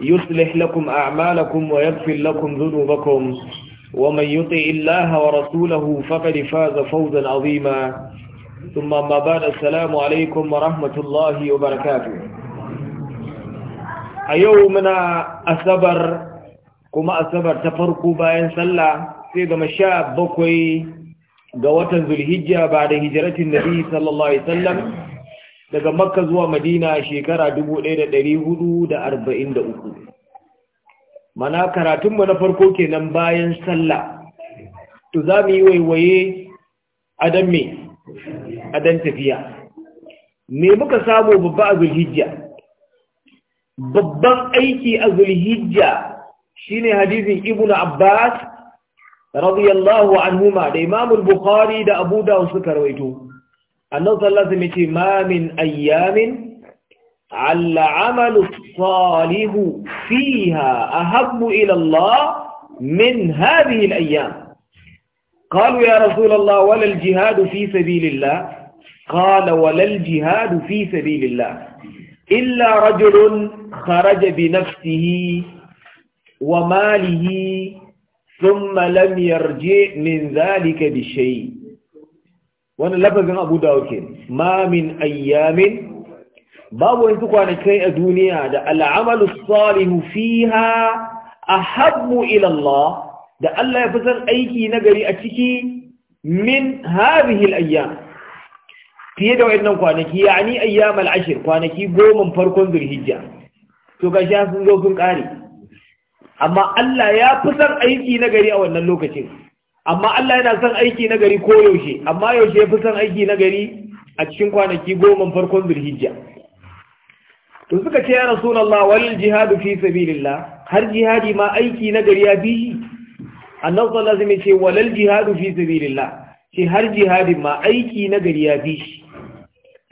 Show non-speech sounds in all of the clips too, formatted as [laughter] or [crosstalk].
يصلح لكم أعمالكم ويغفر لكم ذنوبكم ومن يطع الله ورسوله فقد فاز فوزا عظيما ثم ما بعد السلام عليكم ورحمة الله وبركاته أيومنا أسبر كما أسبر تفرقوا باين صلى سيدنا الشاب بكوي قوة ذو الهجة بعد هجرة النبي صلى الله عليه وسلم daga makka zuwa madina shekara dubu ɗaya da da da ɗari uku. mana karatunmu na farko kenan bayan sallah to za mu yi waiwaye adam me adam tafiya me muka samu babba a zulhijja babban aiki a zulhijja shine hadisin ibnu abbas radiyallahu anhuma da imamul bukhari da abu da suka rawaito annabi لازم alaihi ما من أيام ayyamin al amalu salihu fiha ahabbu ila Allah min قالوا يا رسول الله ولا الجهاد في سبيل الله قال ولا الجهاد في سبيل الله إلا رجل خرج بنفسه وماله ثم لم يرجع من ذلك بشيء wani lafazin abu da wuke ma ayyamin babu wani kwanakai a duniya da al'amalu salihu fiha ahabbu ila Allah da Allah ya fi san aiki na gari a ciki min hadhihi al fiye da wayannan kwanaki yani ayyam al kwanaki goma farkon zulhijja to gashi sun zo sun kare amma Allah ya fi aiki na gari a wannan lokacin amma Allah yana son aiki na gari ko yaushe amma yaushe ya fi son aiki na gari a cikin kwanaki goma farkon zulhijja to suka ce ya Allah wal jihadu fi sabilillah har jihadi ma aiki na gari ya fi shi? Annan alaihi wasallam ce walal jihadu fi sabilillah ce har jihadin ma aiki na gari ya shi.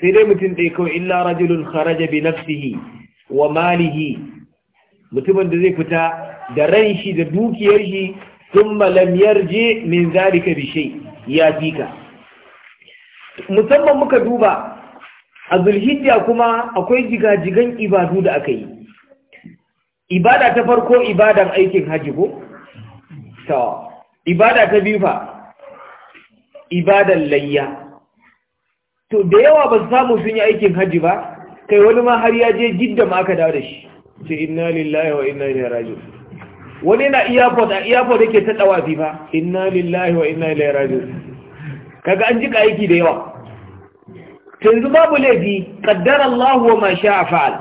sai dai mutum dai kawai illa rajulun kharaja bi nafsihi wa malihi mutumin da zai fita da ran shi da dukiyar shi thumma lam yarji min zalika bi shay ya fika musamman muka duba a zulhijja kuma akwai jigajigan ibadu da aka yi ibada ta farko ibadan aikin haji ko Ta. ibada ta biyu fa ibadan layya to da yawa ba samu sun yi aikin haji ba kai wani ma har ya je jidda ma aka dawo da shi ce inna lillahi wa inna ilaihi raji'un wani na airport a airport yake ta dawafi fa inna lillahi wa inna ilai raji'un kaga an jika aiki da yawa yanzu babu laifi kaddar Allah wa ma sha'a fa'al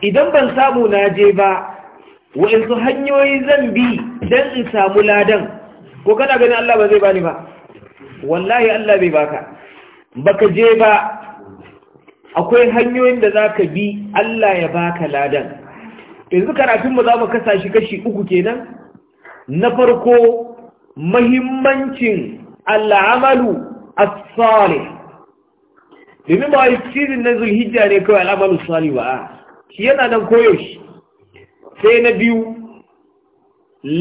idan ban samu na je ba wa in su hanyoyi zan bi don in samu ladan ko kana ganin Allah ba zai bani ba wallahi Allah bai baka baka je ba akwai hanyoyin da za ka bi Allah ya baka ladan yanzu karatunmu za mu kasa shi kashi uku kenan na farko mahimmancin al'amalu as-salih domin ba shirin na zulhijja ne kawai al'amalu salih ba shi yana nan koyoshi sai na biyu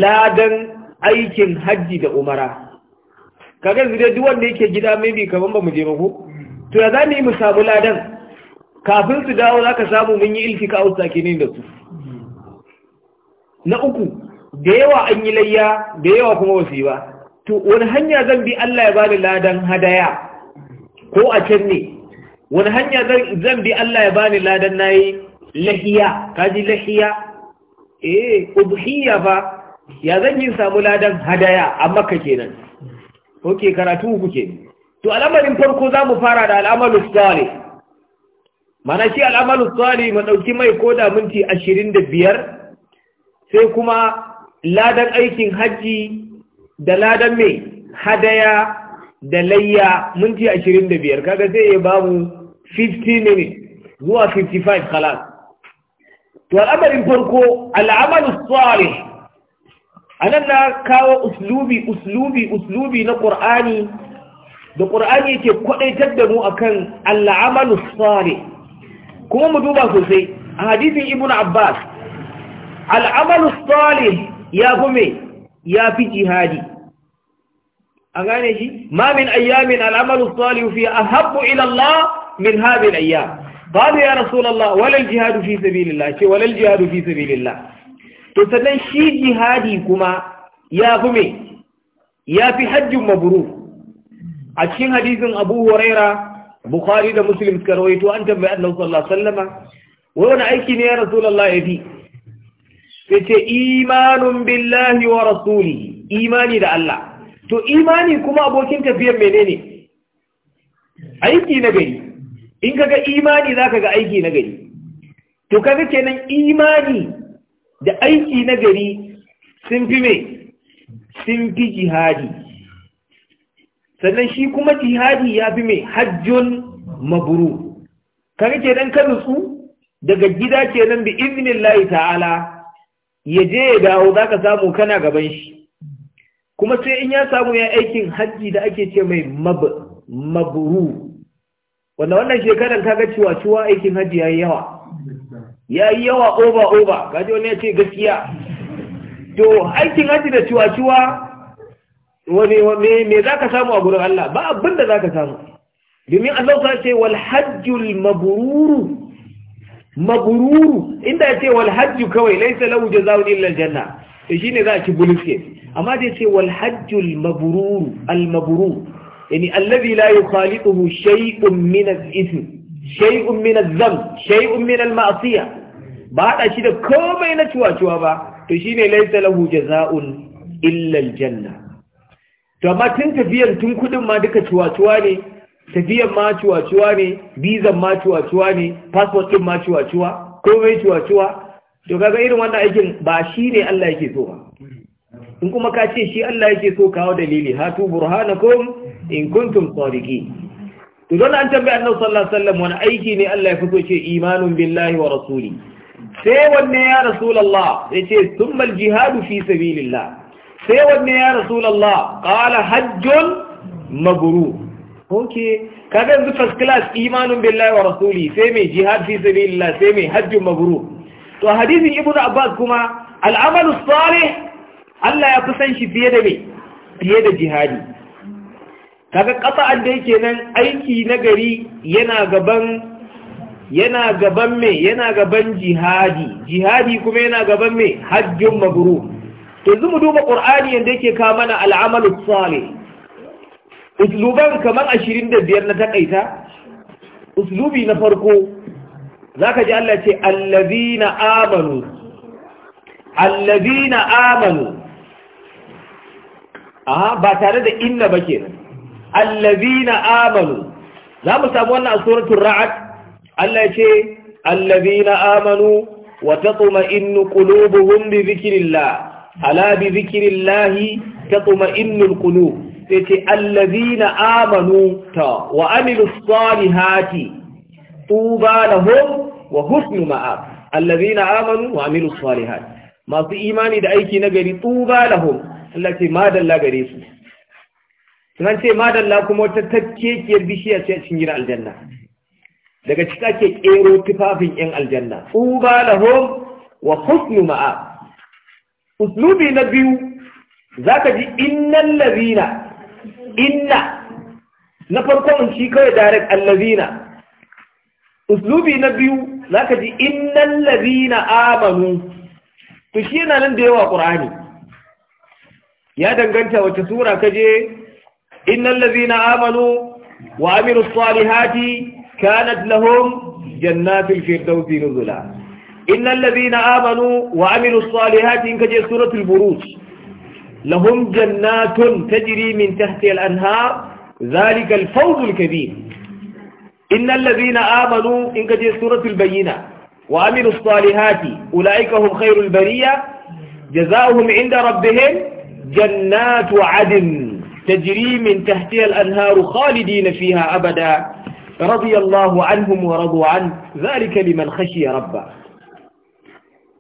ladan aikin hajji da umara kaga zai duk wanda yake gida bi kaman ba mu je mako? to ya mu yi mu samu ladan kafin su dawo zaka samu mun yi iltika usta kenan da su na uku da yawa an yi layya da yawa kuma wasu ba to wani hanya zan bi Allah ya bani ladan hadaya ko a can ne wani hanya zan bi Allah ya bani ladan nayi lahiya kaji lahiya eh ubhiya fa ya zan yi samu ladan hadaya a makka kenan oke karatu ku ke to al'amarin farko za mu fara da al'amalu salih mana shi al'amalu salih mu dauki mai koda minti 25 sai kuma ladan aikin hajji da ladan mai hadaya da layya minti ashirin da biyar kaga sai ya bamu 50 minutes zuwa 55 kalas to al'amarin farko al'amalu a anan na kawo uslubi uslubi uslubi na ƙur'ani, da ƙur'ani ke kwadaitar da mu akan al'amalu tsari kuma mu duba sosai a hadisin Ibn abbas al'amalu salih ya fi me ya fi jihadi an gane shi ma min ayyamin al'amalu salih fi a ila Allah min hadhihi al-ayyam qalu ya rasulullah walal jihadu fi sabilillah ce walal jihadu fi sabilillah to sannan shi jihadi kuma ya fi me ya fi hajjin maburu a cikin hadisin Abu Huraira Bukhari da Muslim suka rawaito an tambayi Annabi sallallahu alaihi wasallama wai wani aiki ne ya Rasulullah ya fi sai ce imanun billahi wa rasuli imani da Allah to imani kuma abokin tafiyar menene aiki na gari in kaga imani zaka ga aiki na gari to kaga kenan imani da aiki na gari sun fi me sun fi jihadi sannan shi kuma jihadi ya fi mai hajjun maburu kaga kenan ka nutsu daga gida kenan bi iznillahi ta'ala ya je ya dawo za ka samu kana gaban shi kuma sai in ya samu ya aikin hajji da ake ce mai maburu wanda wannan shekarar ka cewa cewa aikin hajji ya yi yawa ya yi yawa oba oba kaji wani ya ce gaskiya to aikin hajji da cewa cewa wani me za ka samu a gurin Allah ba abin da za ka samu domin Allah ta ce wal hajjul mabururu mabururu inda ya ce walhajju kawai laisa lahu jazaa'un illa aljanna to shine za a ci buliske amma da yace walhajju wal hajju al mabururu yani allazi la yukhaliquhu shay'un min al ithm shay'un min al dhanb shay'un min al ma'siyah ba hada shi da komai na ciwaciwa ba to shine laisa lahu jazaa'un illa aljanna to amma tun tafiyar tun kudin ma duka ciwaciwa ne tafiyan ma cuwa-cuwa ne bizan ma cuwa-cuwa ne passport ɗin ma cuwa-cuwa komai cuwa-cuwa to kaga irin wannan aikin ba shi ne Allah yake so ba in kuma ka ce shi Allah yake so kawo dalili hatu burhanakum in kuntum sadiqi to don an tambaye Annabi sallallahu alaihi wasallam wani aiki ne Allah ya fito ce imanun billahi wa rasuli sai wanne ya rasulullah yace thumma al-jihadu fi sabilillah sai wanne ya rasulullah qala hajjun mabrur ok kaga yanzu first class imanin billahi wa rasuli sai mai jihad fi sabilillah sai mai hajjin mabrur to hadisin ibnu abbas kuma al'amalu salih Allah ya kusan shi fiye da me fiye da jihadi kaga an da yake nan aiki na gari yana gaban yana gaban me yana gaban jihadi jihadi kuma yana gaban me hajjin mabrur yanzu mu duba qur'ani yanda yake kawo mana al'amalu salih usluban kamar ashirin da biyar na takaita uslubi na farko za ka ji Allah ce allazina amanu allazina amanu aha ba tare da inna ba kenan allazina amanu za mu samu wannan a suratul ra'ad Allah ya ce allazina amanu wa tatma'innu qulubuhum bi dhikrillah ala bi dhikrillah tatma'innul qulub sai ce na amanu ta wa amilus salihati tuba lahum wa husnu ma'ab na amanu wa amilus salihati masu imani da aiki na gari tuba lahum Allah ce madalla gare su sunan ce madalla kuma wata takkekiyar bishiya ce a cikin gina aljanna daga ciki ake kero tufafin yan aljanna tuba lahum wa husnu ma'ab uslubi na biyu za ka ji innal ladina inna na farko in shi kawai direct allazina uslubi na biyu zaka ji innan lazina amanu to shi yana nan da yawa ƙur'ani. ya danganta wace sura je innan lazina amanu wa amilu salihati kanat lahum jannatul firdausi zula. Innan lazina amanu wa amilu salihati in je suratul buruj لهم جنات تجري من تحت الأنهار ذلك الفوز الكبير إن الذين آمنوا إن كتير سورة البينة وعملوا الصالحات أولئك هم خير البرية جزاؤهم عند ربهم جنات عدن تجري من تحتها الأنهار خالدين فيها أبدا رضي الله عنهم ورضوا عنه ذلك لمن خشي ربه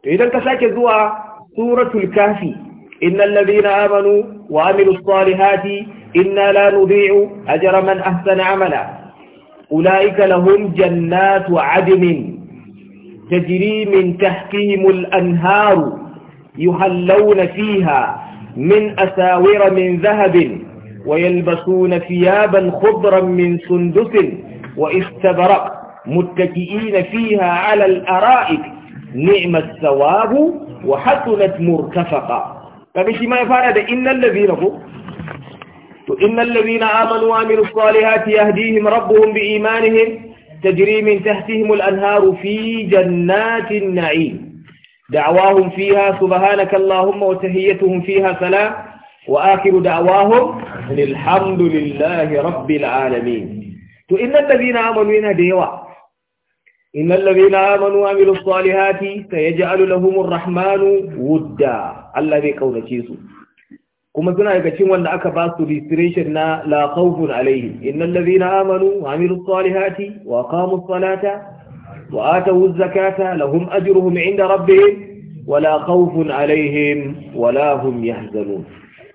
إذا كساك ذوى سورة الكافي إن الذين آمنوا وعملوا الصالحات إنا لا نضيع أجر من أحسن عملا أولئك لهم جنات عدن تجري من تحتهم الأنهار يحلون فيها من أساور من ذهب ويلبسون ثيابا خضرا من سندس واستبرق متكئين فيها على الأرائك نعم الثواب وحسنت مرتفقا kaga shi ma ya fara da innal ladina ko to innal ladina amanu wa amilus salihati yahdihim rabbuhum bi imanihim tajri min tahtihim al anharu fi jannatin na'im da'wahum fiha subhanaka allahumma wa tahiyyatuhum fiha salam wa akhiru da'wahum alhamdulillahi rabbil alamin to innal ladina amanu yana da yawa إن الذين آمنوا وعملوا الصالحات سيجعل لهم الرحمن ودا Allah بي ƙaunace su. kuma suna daga cikin wanda aka ba su registration na la khawfun alaihim innal ladhina amanu wa amilus salihati wa qamus salata wa atawuz zakata lahum ajruhum inda rabbihim wa la khawfun alaihim wa la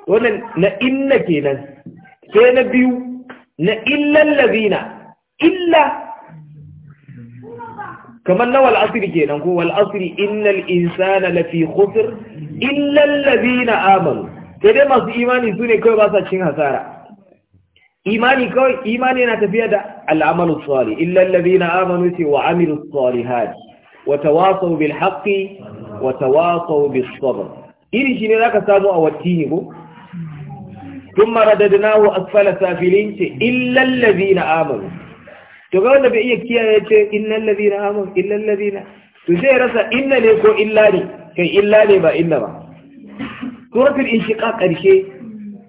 wannan na inna kenan sai na biyu na illal ladhina illa kamar na wal asri kenan ko wal innal insana lafi khusr illa allazina amanu sai dai masu imani su ne kawai ba sa cin hasara imani kawai imani yana tafiya da al'amalu salih illa allazina amanu sai wa amilu salihat wa tawasaw bil haqqi wa tawasaw irin shi iri shine zaka samu a wattini ko ثم رددناه أسفل سافلين إلا الذين آمنوا تقول النبي إياك يا إن الذين آمنوا إلا الذين تسير رسا إن ليكو إلا لي كي إلا لي ما إلا ما سورة الإنشقاق شيء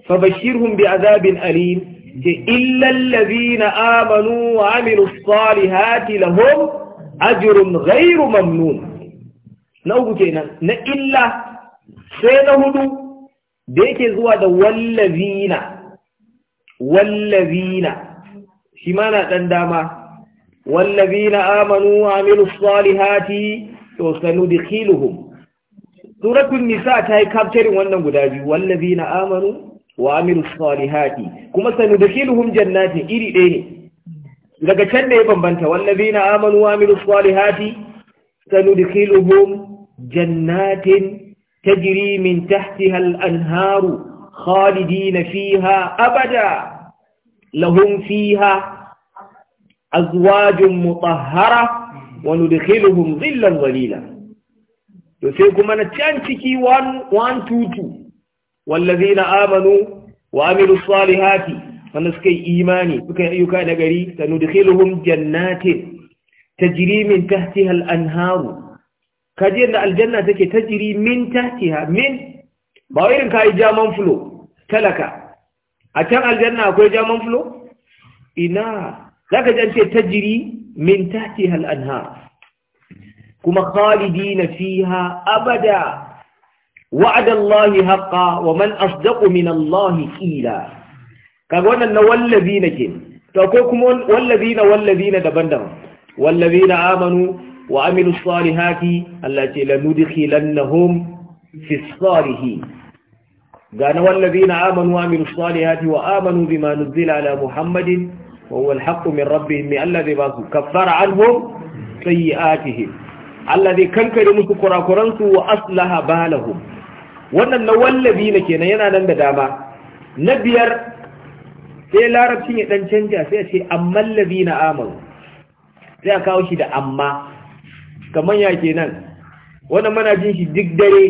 فبشرهم بعذاب أليم إلا الذين آمنوا وعملوا الصالحات لهم أجر غير ممنون نقول كينا نإلا سينهدو بيك زوا والذين والذين shi ma na ɗan dama Wallabi na amanu amilu hati, to sanu dikhiluhum suratul nisa ta yi capturing wannan guda biyu Wallabi na amanu wa amilu hati. kuma sanu dikhiluhum jannatin iri ɗaya ne daga can da ya bambanta wallabi na amanu wa amilu hati, sanu dikhiluhum jannatin tajri min tahti al-anharu khalidina fiha abada lahum fiha Azuwajin mutahhara wa nudkhiluhum dhillan dhalila to kuma na can ciki 122 na amanu wa amilus salihati wanda suka yi imani suka yi da gari ta nudkhiluhum jannatin tajri min tahtiha al-anharu kaje da aljanna take tajri min tahtiha min ba irin jaman fulo talaka a can aljanna akwai jaman fulo ina za ka jance ta jiri min tati hal'anha kuma khalidi na fiha abada wa'adallahi haƙa wa man asdaƙo min Allahi ƙila kaga wannan na wallazi na ke ta ko kuma wallazi na wallazi na daban-daban wallazi na amanu wa amilu salihati Allah ce lanudkhilannahum fi salihin قال والذين آمنوا وعملوا الصالحات وآمنوا بما نزل على Muhammadin. وهو الحق من ربهم الذي باسوا كفر عنهم سيئاتهم الذي كنكر musu kurakuransu wa aslaha balahum wannan na wallabi ne kenan yana nan da dama na biyar sai larabcin ya dan canja sai ya ce amman ladina amanu sai a kawo shi da amma Kamar ya kenan wannan mana jin shi duk dare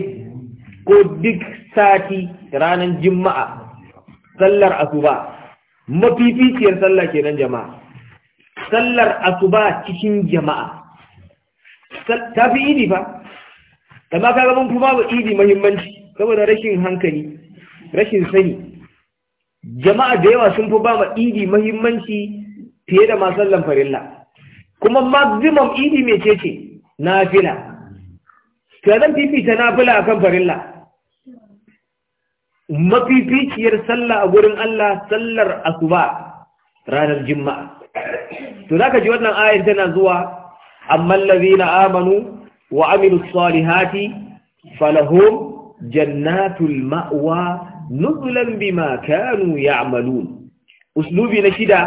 ko duk sati ranar juma'a sallar asuba mafificiyar sallah kenan jama'a sallar asuba cikin jama'a ta fi idi fa amma ka ga mun fi ba idi muhimmanci saboda rashin hankali rashin sani jama'a da yawa sun fi ba ma idi muhimmanci fiye da masu sallan farilla kuma maximum idi mai ce na nafila ta zan fifita nafila akan farilla mafificiyar sallah a gurin Allah sallar asuba ranar juma'a to zaka ji wannan ayar tana zuwa amma allazina amanu wa amilus salihati falahum jannatul ma'wa nuzulan bima kanu ya'malun uslubi na shida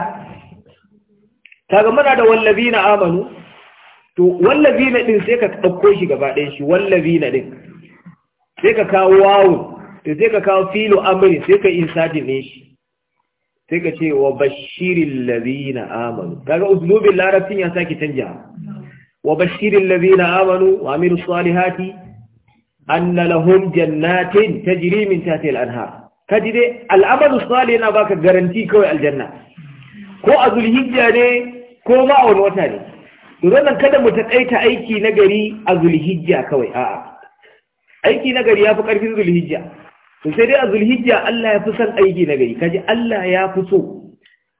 kaga muna da wallazina amanu to wallazina din sai ka ɗauko shi gaba ɗayan shi wallazina din sai ka kawo wawun to sai ka kawo filo amri sai ka insadin ne shi sai ka ce wa bashirin lazina amanu kaga uslubin larabcin ya sake canja wa bashirin lazina amanu wa Hati. salihati anna lahum jannatin tajri min tahtiha al-anhar dai al-amalu yana yana baka garanti kawai aljanna ko a zulhijja ne ko ma a wani wata ne to kada mu taƙaita aiki na gari a zulhijja kawai a'a aiki na gari yafi karfin zulhijja to sai dai a zulhijja Allah ya fi son aiki na gari kaji Allah ya fi so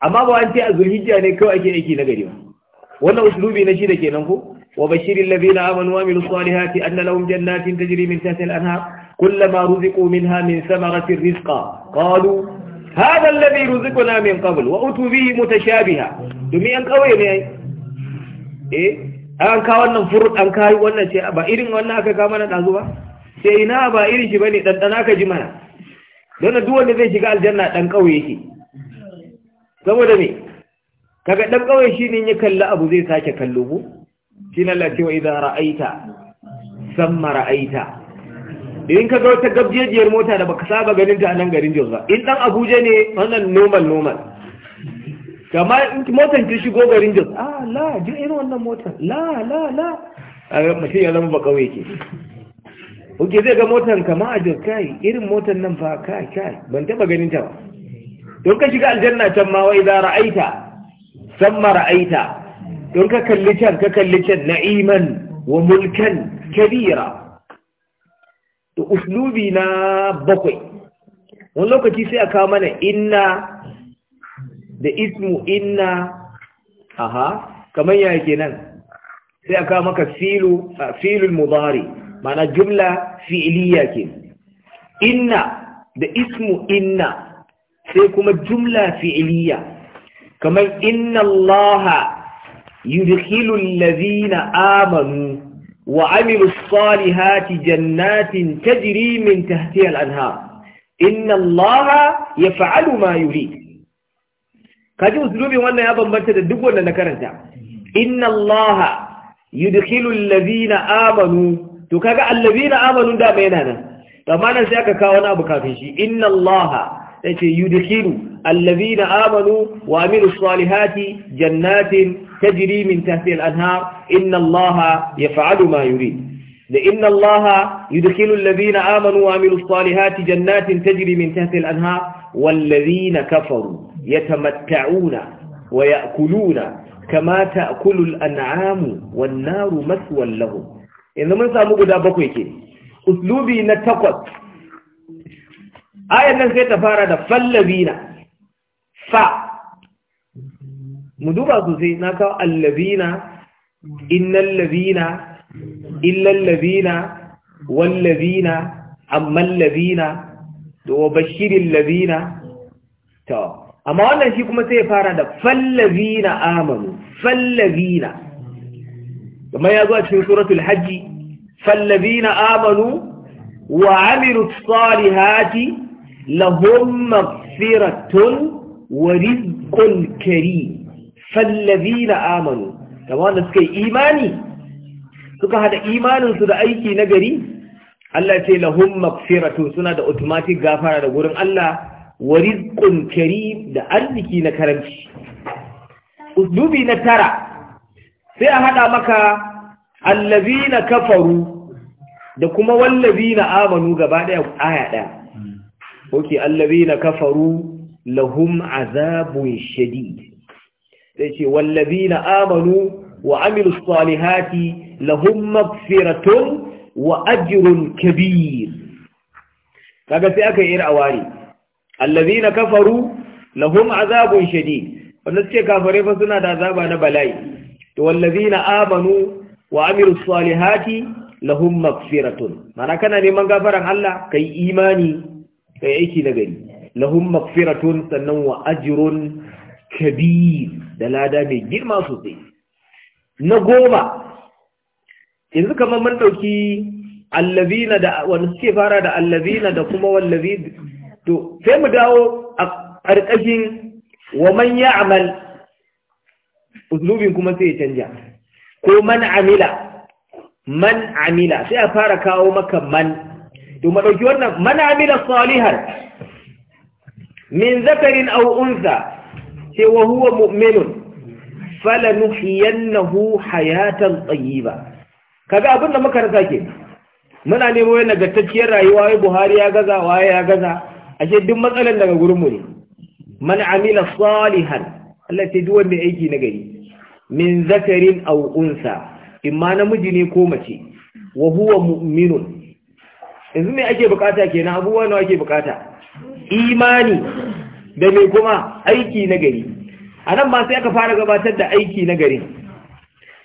amma ba an ce a zulhijja ne kawai ake aiki na gari ba wannan uslubi na shida kenan ko wa bashiril ladina amanu wa amilus salihati anna lahum jannatin tajri min tahtiha al-anhar kullama ruziqu minha min thamaratir rizqa qalu hadha alladhi ruziqna min qabl wa utu bihi mutashabiha dumi an kawai ne eh an ka wannan furud an kai wannan ce ba irin wannan aka ka mana dazu ba sai na ba irin shi bane ɗanɗana ka ji mana don duk wanda zai shiga aljanna ɗan ƙauye yake saboda me kaga ɗan ƙauye shi ne ya kalli abu zai sake kallo mu shi na Allah cewa idan ra'aita samma ra'aita idan kaga wata gabjejiyar mota da baka saba ganin ta a nan garin Jos ba in dan Abuja ne wannan normal normal kamar motar ta shigo garin Jos ah la ji irin wannan motar la la la a mutum ya zama ba ƙauye ke kuke zai ga motar kama a jir irin motar nan fa kai kai ban taba ganin ta ba don ka shiga aljanna can ma wai za ra'aita san ma ra'aita don ka kalli can ka kalli can na'iman wa mulkan kabira to uslubi na bakwai wani lokaci sai a kawo mana inna da ismu inna aha kamar yake nan, sai a kawo maka filu filul mudari mana jumla fi'iliya ke inna da ismu inna sai kuma jumla fi'iliya kamar inna allaha yudkhilu allazina amanu wa amilu salihati jannatin tajri min tahtiha al-anhar inna allaha yaf'alu ma yurid kaji uslubin wannan ya bambanta da duk wanda na karanta inna allaha yudkhilu allazina amanu to kaga allazina amanu da mai yana nan amma nan sai aka kawo wani abu kafin shi inna allaha yace yudkhilu allazina amanu wa amilus salihati jannatin tajri min tahti al-anhar inna allaha yaf'alu ma yurid لأن الله يدخل الذين آمنوا وعملوا الصالحات جنات تجري من تحت الأنهار والذين كفروا يتمتعون ويأكلون كما تأكل الأنعام والنار مثوى لهم yanzu mun samu guda bakwai ke uslubi na takwas ayan nan sai ta fara da fallabina fa mu duba sosai na kawo allabina innan labina illan labina wal labina amman labina da bashirin labina to amma wannan shi kuma sai fara da fallabina amanu fallabina kamar ya zo a cikin suratul hajji na amanu wa amilus salihati lahum maghfiratun wa rizqun karim fallazina amanu kamar wanda suka yi imani suka hada imaninsu da aiki na gari Allah ce lahum maghfiratun suna da otomatik gafara da gurin Allah wa rizqun da arziki na karamci uslubi na tara sai a haɗa maka na kafaru da kuma na amanu gaba ɗaya aya ɗaya oke na kafaru lahum azabun shadid sai ce na amanu wa amilu salihati lahum magfiratun wa ajrun kabir kaga sai aka yi awari na kafaru lahum azabun shadid wanda suke kafare fa suna da azaba na bala'i to na amanu wa amilu salihati lahum maghfiratun mana kana neman gafaran Allah kai imani kai aiki na gari lahum maghfiratun sannan wa ajrun kabir da lada mai girma sosai na goma yanzu kamar mun dauki allazina da wani suke fara da allazina da kuma wallazi to sai mu dawo a ƙarƙashin wa man ya'mal uslubin kuma sai ya canja ko man amila man amila sai a fara kawo maka man to ma dauki wannan man amila salihan min zakarin aw unza sai wa huwa mu'minun nuhiyannahu hayatan tayyiba kaga abin da muka rasa ke muna nemo yana nagartacciyar rayuwa wai Buhari ya gaza waye ya gaza ashe duk matsalan daga gurin mu ne man amila salihan Allah sai duk wanda aiki na gari min zakarin aw unsa imma namiji ne ko mace wa huwa mu'minun yanzu me ake bukata kenan abubuwa nawa ake bukata imani da me kuma aiki na gari anan ba sai aka fara gabatar da aiki na gari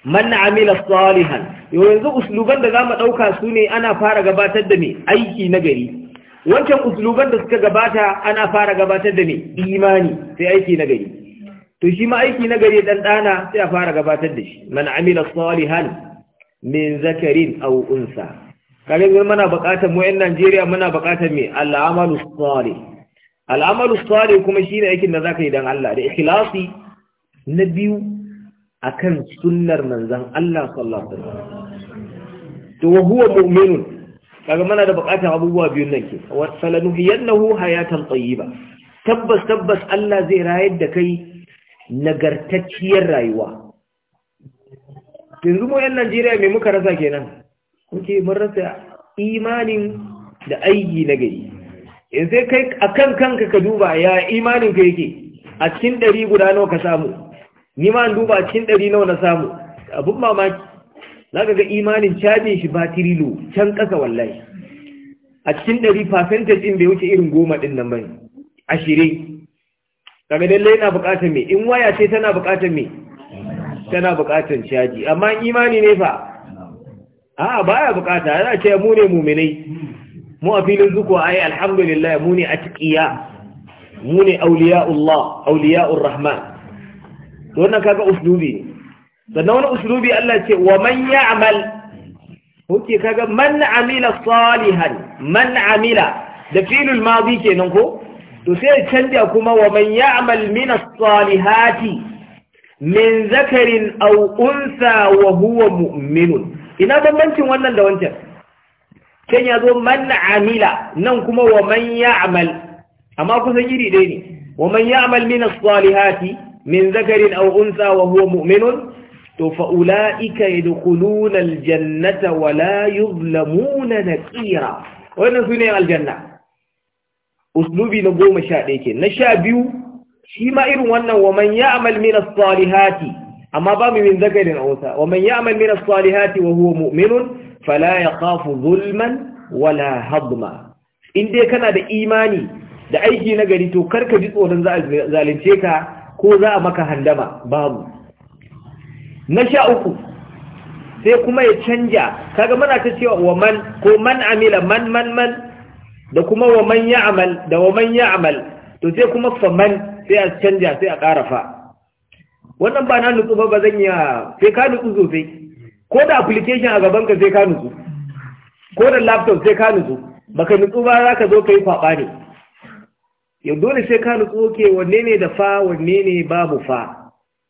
man amila salihan yanzu usluban da zamu dauka su ne ana fara gabatar da me aiki na gari wancan usluban da suka gabata ana fara gabatar da me imani sai aiki na gari to shi ma aiki na gari dan dana sai a fara gabatar da shi man amila salihan min zakarin aw unsa kage mun muna buƙatar mu ƴan Najeriya muna buƙatar me al'amalu salih al'amalu salih kuma shine aikin da zaka yi dan Allah da ikhlasi na biyu akan sunnar manzon Allah sallallahu alaihi to wa huwa mu'minun kage muna da buƙatar abubuwa biyun nan ke wa salanuhiyannahu hayatan tayyiba tabbas tabbas Allah zai rayar da kai nagartacciyar rayuwa yanzu mu yan Najeriya mai muka rasa kenan kuke mun rasa imanin da aiki na gari in sai kai a kan kanka ka duba ya imanin ka yake a cikin ɗari guda nawa ka samu ni ma duba a cikin ɗari nawa na samu abin mamaki za ka ga imanin cajin shi ba tirilo can ƙasa wallahi a cikin ɗari fasentaj ɗin bai wuce irin goma ɗin nan bane ashirin kaga lallai yana buƙatar me in waya ce tana buƙatar me tana buƙatar caji amma imani ne fa a baya buƙata yana ce mu ne muminai mu a filin zuko ai alhamdulillah mu ne atqiya mu ne auliya'ullah auliya'ur rahman to wannan kaga uslubi sannan wani uslubi Allah ce wa man ya'mal hoke kaga man amila salihan man amila da filul madi kenan ko to sai canja kuma wa man ya'mal min as-salihati min zakarin aw unsa wa huwa mu'minun ina bambancin wannan da wancan can ya zo man amila nan kuma wa man ya'mal amma kusan iri dai ne wa man ya'mal min as-salihati min zakarin aw unsa wa huwa mu'minun to fa ulaika yadkhuluna al-jannata wa la yuzlamuna naqira wannan sune aljanna uslubi na goma sha ɗaya ke na sha biyu shi ma irin wannan wa man ya amal min salihati amma ba mu min zakarin ausa wa man ya amal min salihati wa huwa mu'minun fala kafu zulman wala hadma in dai kana da imani da aiki na gari to kar ka ji tsoron za a zalunce ka ko za a maka handama babu na sha uku sai kuma ya canja kaga muna ta cewa wa man ko man amila man man man da kuma wa man amal, da wa man amal, to sai kuma faman sai a canja sai a fa. wannan ba na nutsu ba zan iya sai ka nutsu sosai ko da application a gaban ka sai ka nutsu ko da laptop sai ka nutsu baka nutsu ba za ka zo ka yi kwaɓa ne yau dole sai ka nutsu ke wanne ne da fa wanne ne babu fa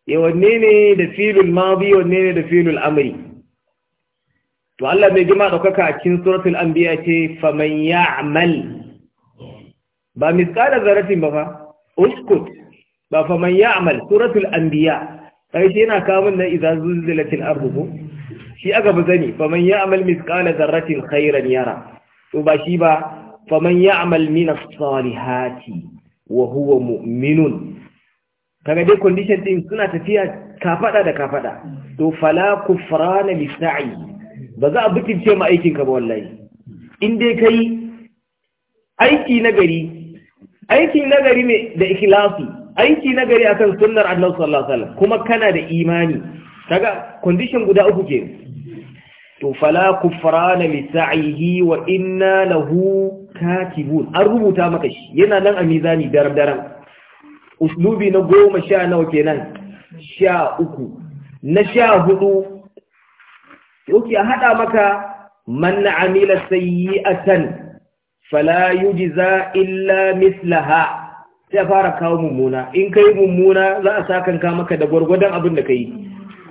ya wanne ne da filul mabi wanne ne da filul amri to Allah mai gima ɗaukaka a cikin suratul anbiya ce faman ya'mal ba misqala zarratin ba fa uskut ba faman ya'mal suratul anbiya kai shi yana kawo min na idza zulzilatil ardu ko shi aka bi sani faman ya'mal misqala zarratin khairan yara to ba shi ba faman ya'mal min as-salihati wa huwa mu'minun kaga dai condition din suna tafiya kafada da kafada to fala kufrana li sa'i ba za a ce ma aikinka ba wallahi in dai ka yi aiki nagari aiki nagari ne da ikhlasi aiki nagari akan sunnar Allah sallallahu alaihi wasallam kuma kana da imani kaga condition guda uku ke to fala kufrana li sa'ihi wa inna lahu katibun an rubuta maka shi yana nan a mizani dardaran uslubi na goma sha nawa kenan sha uku na sha hudu yauki a haɗa maka man amila sayyi'atan fala yujza illa mislaha sai fara kawo mummuna in yi mummuna za a sa ka maka da gwargwadon abin da ka yi.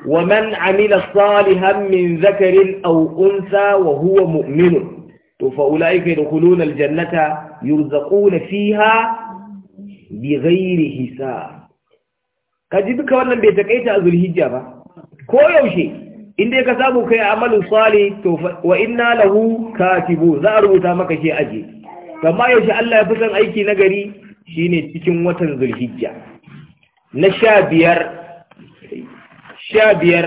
wa man amila salihan min zakarin aw unsa wa huwa mu'min to fa da yadkhuluna aljannata yurzaquna fiha hisa. Ka kaji duka wannan bai takaita a zulhijja ba ko yaushe inda ka samu kai amalin salih to wa inna lahu katibu za a rubuta maka shi aje amma yaushe Allah ya fi aiki na gari shine cikin watan zulhijja na sha biyar sha biyar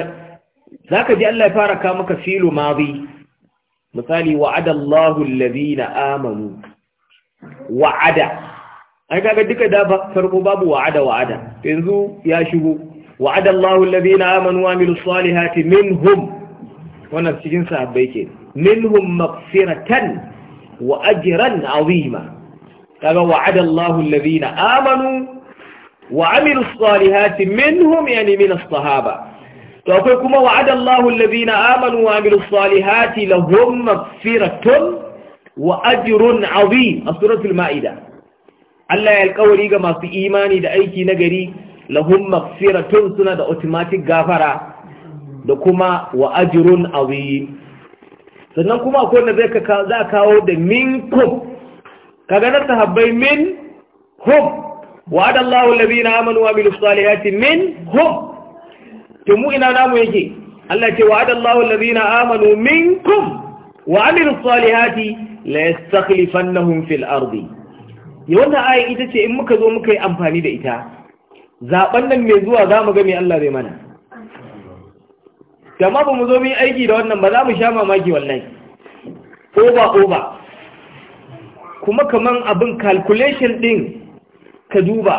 za ka ji Allah ya fara ka maka filu mazi misali wa'ada Allahu allazina amanu wa'ada ai kaga duka da farko babu wa'ada wa'ada yanzu ya shigo wa'ada Allahu alladhina amanu wa amilus salihati minhum wannan cikin sahabbai ke minhum maghfiratan wa ajran azima kaga wa'ada Allahu alladhina amanu wa amilus salihati minhum yani min as-sahaba akwai kuma wa'ada Allahu alladhina amanu wa amilus salihati lahum maghfiratun wa ajrun azim a suratul ma'ida Allah ya ga masu imani da aiki nagari lahum magfiratun suna da otomatik gafara da kuma wa ajrun azim sannan kuma akwai wanda za a kawo da min-kuf, minkum kaga na sahabbai min hum wa'ada Allahu na amanu wa amilus salihati min hum to mu ina namu yake Allah ce wa'ada Allahu na amanu min-kuf! minkum wa amilus salihati la yastakhlifannahum fil ardi wannan ayi ita ce in muka zo muka yi amfani da ita Zaɓen nan mai zuwa za mu ga mai Allah bai mana amma ba mu zo mu aiki da wannan ba za mu sha mamaki wannan. oba oba kuma kaman abin calculation ɗin ka duba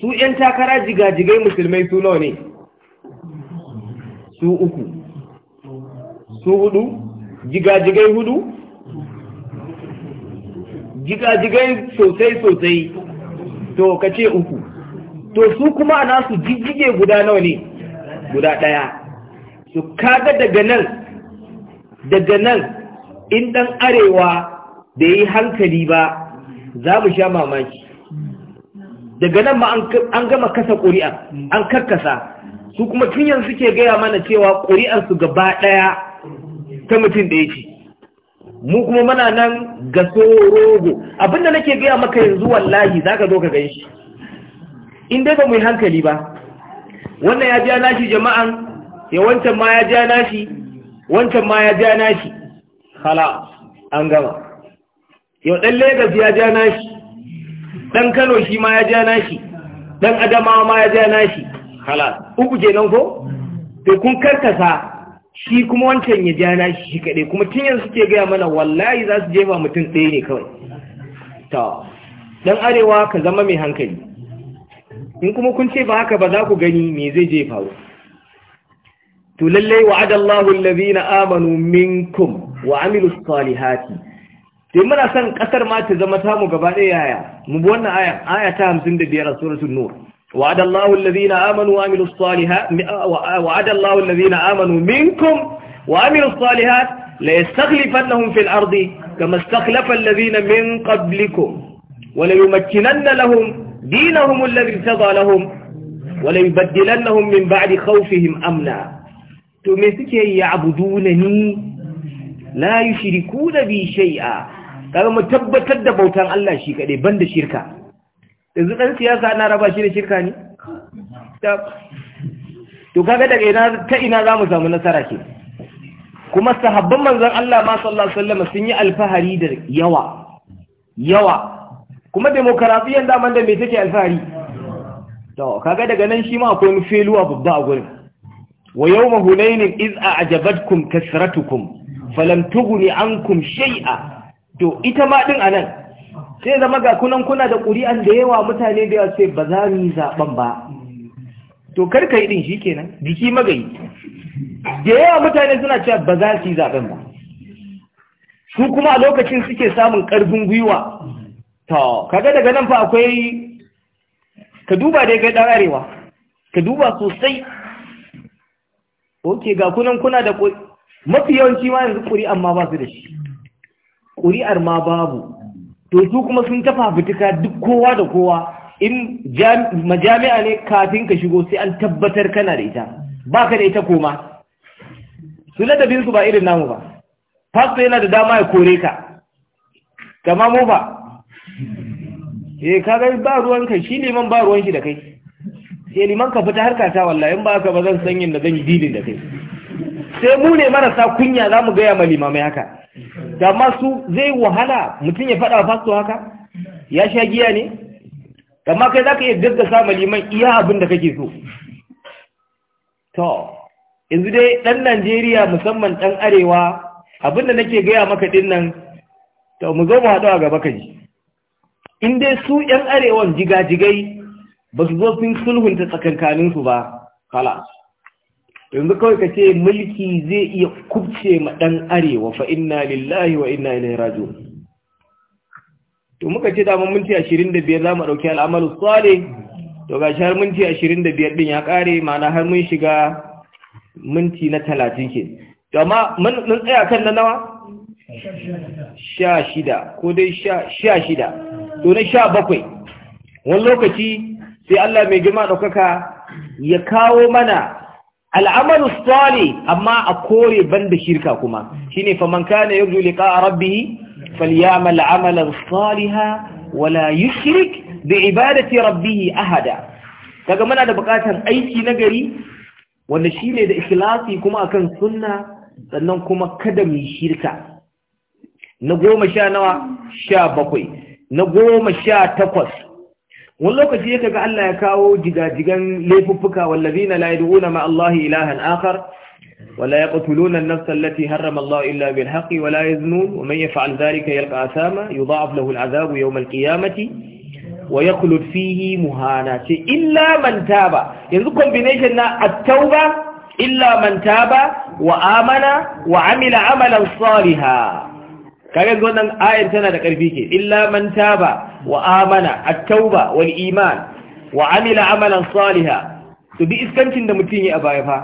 su 'yan takara jigajigai musulmai su nawa ne su uku su hudu jigajigai hudu jigajigai sosai sosai to ka ce uku to su kuma a nasu jijjige guda nawa ne guda ɗaya su kaga daga nan daga nan in ɗan arewa da yi hankali ba za mu sha mamaki daga nan ma an gama kasa ƙuri'ar, an karkasa su kuma tun yanzu suke gaya mana cewa ƙuri'arsu gaba ɗaya ta mutum ɗaya ce mu kuma mana nan gaso rogo abinda nake gaya maka yanzu wallahi za ka zo ka gan shi in dai ba mu yi hankali ba wannan ya ja nashi jama'an ya wancan ma ya ja nashi wancan ma ya ja nashi hala an gama yau ɗan Legas ya ja nashi ɗan Kano shi ma ya ja nashi ɗan Adamawa ma ya ja nashi hala uku kenan ko to kun karkasa shi kuma wancan ya ja nashi shi kaɗai kuma tun yanzu suke gaya mana wallahi za su jefa mutum ɗaya ne kawai ta ɗan arewa ka zama mai hankali in kuma kun ce ba haka ba za ku gani me zai je faru to lallai wa'adallahu allazina amanu minkum wa amilu salihati sai muna san kasar ma ta zama ta mu gaba ɗaya yaya mu bi wannan aya aya ta 55 a suratul nur wa'adallahu allazina amanu wa amilu salihati wa'adallahu allazina amanu minkum wa amilu salihati la الصالحات fil ardi kama istakhlafa allazina min qablikum ولا يمكنن لهم دينهم الذي ارتضى لهم وليبدلنهم من بعد خوفهم أمنا تمسك يعبدونني لا يشركون بي شيئا kaga mu tabbatar da bautan Allah shi kaɗai ban da shirka yanzu siyasa na raba shi da shirka ne to kaga daga ina ta ina za mu samu nasara ke kuma sahabban manzon Allah ma sallallahu alaihi sun yi alfahari da yawa yawa kuma demokarafiyan daman da mai take alfahari to kaga daga nan shi ma akwai feluwa babba a gurin wa yawma hunainin iz a'jabatkum kasratukum falam tughni ankum shay'a to ita ma din anan sai zama ga kunan kuna da ƙuri'an da yawa mutane da yawa sai ba za mu yi zaben ba to karka yi ɗin shi kenan, biki magayi da yawa mutane suna cewa ba za su yi zaben ba su kuma a lokacin suke samun ƙarfin gwiwa ta kaga daga nan fa akwai ka duba dai ga dan arewa ka duba sosai oke ga kunan kuna da mafi yawanci ma yanzu ƙuri'ar ma ba su da shi ƙuri'ar ma babu to su kuma sun tafa fituka duk kowa da kowa in majami'a ne kafin ka shigo sai an tabbatar kana da ita ba ka da ita koma su ladabinsu ba irin namu ba fasto yana da dama ya kore ka gama mu ba Eh, ka kaga ba ruwan ka shi liman ba ruwan shi da kai sai eh, liman ka fita harka ta wallahi in ba haka ba zan san yin da zan yi dilin da kai sai mu ne marasa kunya za mu gaya ma limamai haka da masu zai wahala mutum ya faɗa fasto haka ya sha giya ne amma kai za ka iya gaggasa ma liman iya abin da kake so to yanzu dai ɗan najeriya musamman dan arewa abin da nake gaya maka ɗin nan to mu zo mu haɗu a gaba ka ji in dai su ‘yan arewan jigajigai ba su zo sun sulhunta tsakankaninsu ba kala yanzu kawai ka ce mulki zai iya kubce ma ɗan arewa fa inna lillahi wa inna ilaihi raji'un to muka ce daman minti 25 za mu ɗauki al'amalu tsare to ga har minti 25 ɗin ya ƙare mana har mun shiga minti na 30 ke to amma mun tsaya kan na nawa sha shida ko dai sha shida to na sha bakwai wani lokaci sai Allah mai girma ɗaukaka ya kawo mana al'amalu Sali amma a kore banda shirka kuma shine faman kana yarju liqa rabbih falyamal amalan salihan wala yushrik bi ibadati rabbih ahada daga muna da bukatar aiki na gari wanda shine da ikhlasi kuma akan sunna sannan kuma kada mu shirka na goma sha nawa sha bakwai na goma sha takwas wani lokaci ya kaga Allah ya kawo jigajigan laifuffuka wallazi na la'iduna ma'allahi ilahan akar wala ya ƙutulo na nafsan lati harrama Allah illa bin haƙi wala ya zunu wa mai ya fa’al zarika ya ƙa sama yi za a fulahul azabu yau mal ƙiyamati wa ya kulut fihi muhana ce illa ba yanzu combination na attauba illa manta ba wa amana wa amila amalan tsariha kaga wannan ayar tana da ƙarfi ke illa man taba wa amana at-tauba wal iman wa amila amalan saliha to bi iskancin da mutum yi a baya fa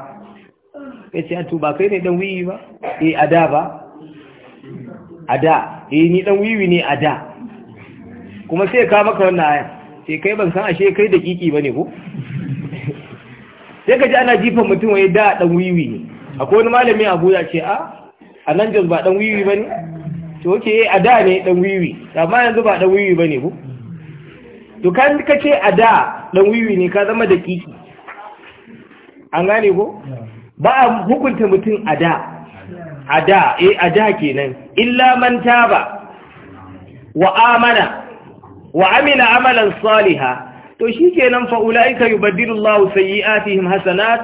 yace to ba kai ne dan wiwi ba eh, a ada ba ada e eh, ni dan wiwi ne ada kuma sai ka maka wannan ayar sai eh, kai ban san ashe kai da kiki bane ko sai ka ji ana jifan mutum wai da dan wiwi ne akwai wani malami a Abuja ce ah, a a nan jos ba dan wiwi bane to ke eh, a da ne dan wiwi amma yanzu ba dan wiwi bane ko to kan a da dan wiwi ne ka zama da kiki an gane ko ba a hukunta mutum a da a da eh a da kenan illa man taba wa amana wa amila amalan salihah to shikenan fa ulaika yubaddilu Allahu sayyi'atihim hasanat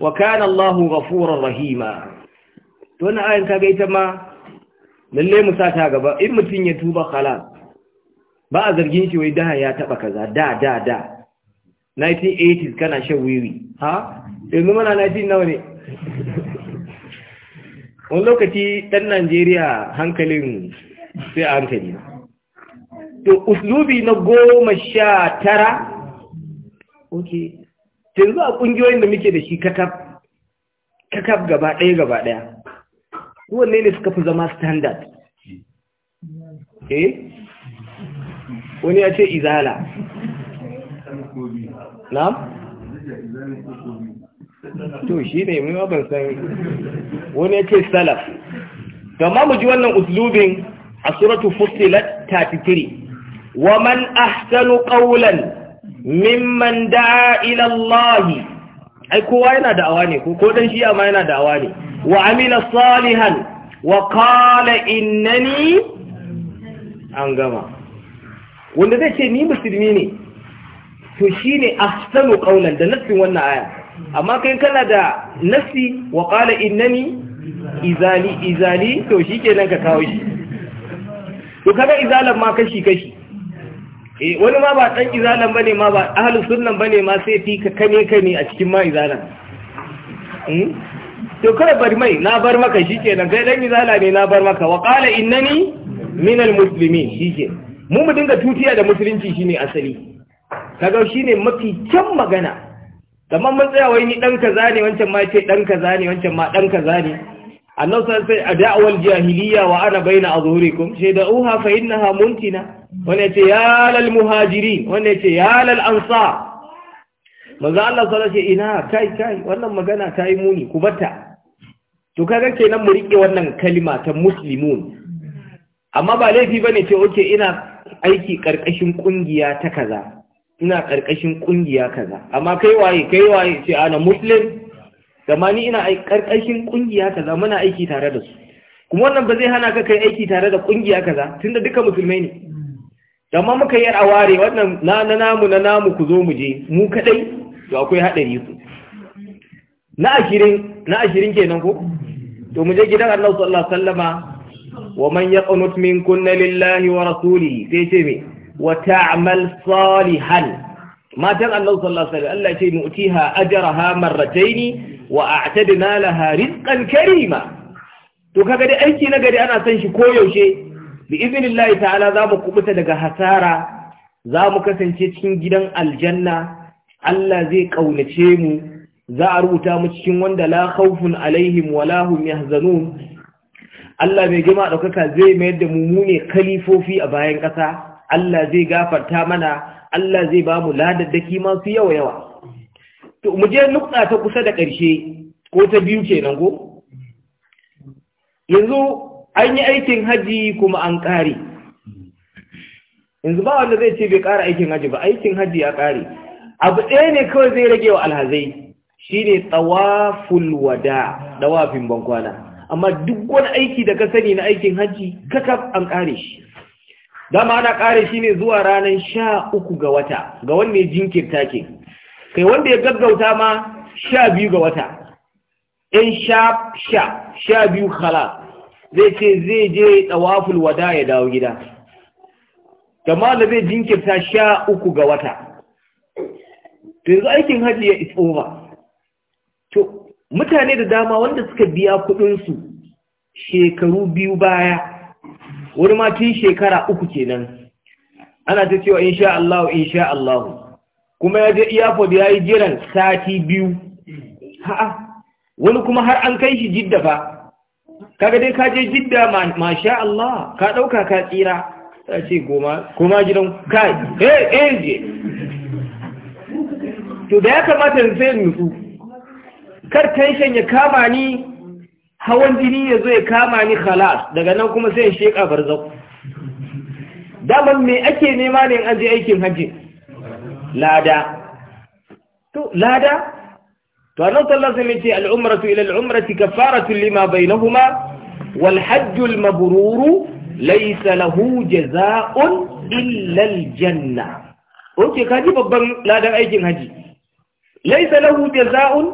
wa kana Allahu ghafurur rahima to wannan ayan kaga ita ma lalle mu sa ta gaba in mutum ya tuba khalas ba a zargin shi wai da ya taba kaza da da da 1980s kana shan wiwi ha yanzu mana 19 nawa ne [laughs] wani lokaci dan Najeriya hankalin sai a hankali to uslubi na goma sha tara ok yanzu a kungiyoyin da muke da shi kakaf kakaf gaba ɗaya gaba ɗaya wanne ne suka fi zama standard eh wani ya ce izala na? to shi ne mai ban sani. wani ya ce salaf gama mu ji wannan uslubin a suratu fusilat 33 wa man ahsanu qawlan mimman da'a ila Allah ai kowa yana da'awa ne ko dan shi ma yana da'awa ne وعمل صالحا وقال إنني أنقما wanda zai ce ni musulmi ne to shi ne ahsanu qaulan da nassin wannan aya amma kai kana da nassi wa qala innani izali izali to shikenan ka kawo shi to kaga izalan ma kashi kashi eh wani ma ba dan izalan bane ma ba ahlus sunnan bane ma sai fi ka kane kane a cikin ma izalan hmm? to kada bari mai na bar maka shikenan kai dan misala ne na bar maka wa qala innani minal muslimin shike mu mu dinga tutiya da musulunci shine asali kaga shine mafi kyan magana kamar mun tsaya wai ni dan kaza ne wancan ma ce dan kaza ne wancan ma dan kaza ne annabi sallallahu alaihi wasallam da'awal jahiliya wa ana baina azhurikum shada'uha fa innaha muntina wanda yace ya lal muhajirin wanda yace ya lal ansar manzo Allah sallallahu alaihi wasallam ina kai kai wannan magana ta yi muni ku bata to kaga kenan mu rike wannan kalma ta muslimun amma ba laifi bane ce oke ina aiki karkashin kungiya ta kaza ina karkashin kungiya kaza amma kai waye kai waye ce ana muslim kuma ni ina karkashin kungiya kaza muna aiki tare da su kuma wannan ba zai hana ka kai aiki tare da kungiya kaza tunda duka musulmai ne amma muka yi a ware wannan na na namu na namu ku zo mu je mu kadai to akwai hadari ku na ashirin na ashirin kenan ko to mu je gidan Allah sallallahu alaihi wasallama wa man yaqnut minkunna lillahi wa rasulihi sai ce me wa ta'mal salihan matan Allah sallallahu alaihi Allah ce mu'tiha ajraha marrataini wa a'tadna laha rizqan karima to kaga dai aiki na gari ana son shi koyaushe bi iznillahi ta'ala za mu kubuta daga hasara za mu kasance cikin gidan aljanna Allah zai kaunace mu za a rubuta mu cikin wanda la khawfun alaihim wala hum yahzanun Allah mai girma daukaka zai mayar da mu mune kalifofi a bayan kasa? Allah zai gafarta mana Allah zai ba mu ladaddaki masu yawa yawa to mu je nukta ta kusa da karshe ko ta biyu kenan go? yanzu an yi aikin haji kuma an ƙare yanzu ba wanda zai ce bai ƙara aikin haji ba aikin haji ya ƙare abu ɗaya ne kawai zai rage wa alhazai shine tawaful wada dawafin bankwana amma duk wani aiki da ka sani na aikin haji kakaf an kare shi dama ana ƙare shi ne zuwa ranar sha uku ga wata ga wanne jinkirta ke kai wanda ya gaggauta ma sha biyu ga wata in sha sha sha biyu kala zai ce zai je tawaful wada ya dawo gida gama da zai jinkirta sha uku ga wata yanzu aikin haji ya is to mutane da dama wanda suka biya kuɗinsu shekaru biyu baya wani ma tun shekara uku kenan ana ta cewa insha Allah insha Allah kuma ya je iyafod ya yi jiran sati biyu ha'a wani kuma har an kai shi jidda fa kaga dai ka je jidda ma masha Allah ka ɗauka ka tsira ta ce goma kuma gidan kai eh eh je to da ya kamata sai nutsu kar tension ya kama ni hawan jini ya zo ya kama ni khalas daga nan kuma sai ya sheka barzau daman me ake nema ne an je aikin hajji lada to lada to annabi sallallahu alaihi wasallam ce al-umratu ila al-umrati kafaratu lima bainahuma wal hajju al-mabruru laysa lahu jazaa'un illa al-janna okay kaji babban ladan aikin hajji laysa lahu jazaa'un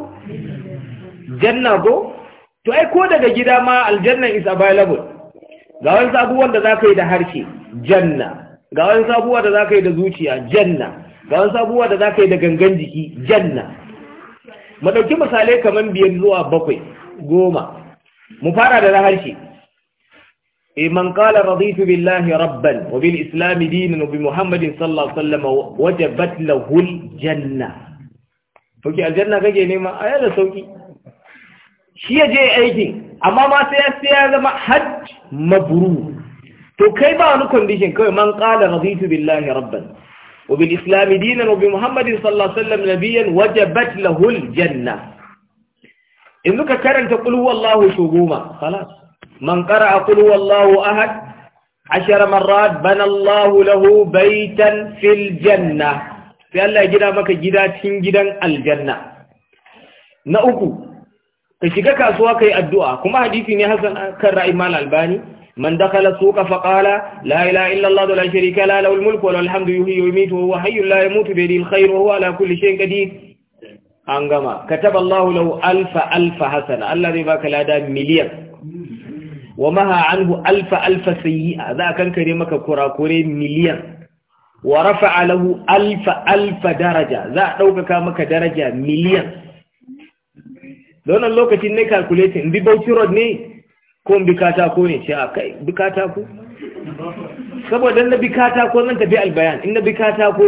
janna ko to ai ko daga gida ma aljanna is available ga wani sabuwar da zaka yi da harshe janna ga wani sabuwar da zaka yi da zuciya janna ga wani sabuwar da zaka yi da gangan jiki janna mu dauki misalai kaman biyar zuwa bakwai goma mu fara da harshe من قال رضيت بالله ربا وبالإسلام دينا وبمحمد صلى الله عليه وسلم aljanna له الجنة فكي kake nema نيما da sauki shi ya je aikin amma ma sai ya sai ya zama hajj mabru to kai ba wani condition kawai man qala raditu billahi rabban wa bil islam dinan wa bi muhammadin sallallahu alaihi wasallam nabiyyan wajabat lahu al janna in ka karanta qul huwallahu shuguma khalas man qara'a qul huwallahu ahad عشر مرات بنى الله له بيتا في الجنة في الله جدا مكا جدا تنجدا الجنة نأكو ka shiga kasuwa kai addu'a kuma hadisi ne hasan kan ra'ayi albani man dakhala suqa fa qala la ilaha illa allah la sharika la lahu almulku wa lahu alhamdu yuhyi wa yumiitu wa huwa hayyun la yamutu bi yadihi wa ala kulli shay'in qadir an gama kataba allah alfa alfa hasana allah zai baka lada miliyan wa maha anhu alfa alfa sayyi'a za a kankare maka kurakure miliyan wa rafa'a lahu alfa alfa daraja za a ɗaukaka maka daraja miliyan da wannan lokacin ne calculating in bi bauchi road ne ko in bi katako ne ce a kai bi katako saboda na bi katako nan ta tafi albayan in na bi katako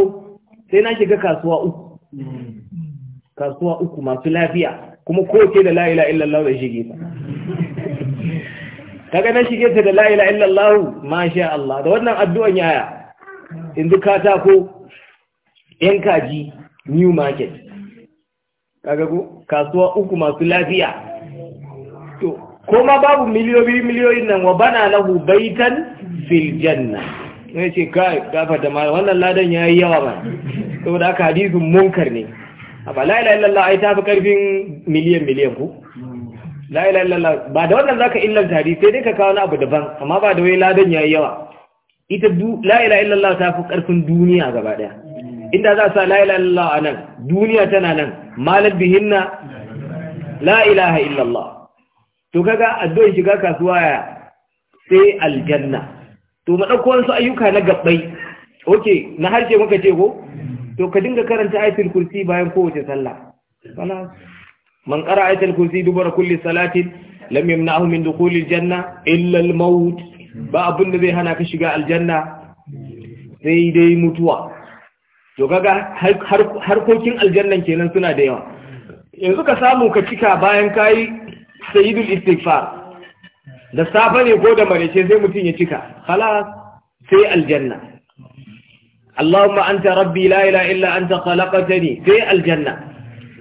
sai na shiga kasuwa uku kasuwa uku masu lafiya kuma kowace da la'ila illallah da shige ta kaga na shige ta da la'ila illallah masha Allah da wannan addu'an yaya in bi katako yan kaji new market kaga ku kasuwa uku masu lafiya to koma babu miliyoyi miliyoyin nan wa bana lahu baitan fil janna sai ce kai gafarta mai wannan ladan yayi yawa ba saboda aka hadisin munkar ne aba la ilaha illallah ai tafi fi karfin miliyan miliyan ku la ilaha illallah ba da wannan zaka illanta tari sai dai ka kawo na abu daban amma ba da wai ladan yayi yawa ita la ilaha illallah ta fi karfin duniya gaba daya inda za sa la ilaha illallah anan duniya tana nan malad bihinna la illallah to kaga addu'ar shiga kasuwa sai aljanna to mu ayyuka na gabbai Ok, na harshe muka ce ko to ka dinga karanta ayatul kursi bayan kowace sallah Mankara من kursi آية الكرسي دبر Salatin, صلاة na يمنعه من دخول الجنة إلا ba abin da zai hana ka shiga aljanna sai dai mutuwa to kaga harkokin aljannan kenan suna da yawa yanzu ka samu ka cika bayan kayi sayyidul istighfar da safe ne ko da marece sai mutum ya cika khalas sai aljanna Allahumma anta rabbi la ilaha illa anta khalaqtani sai aljanna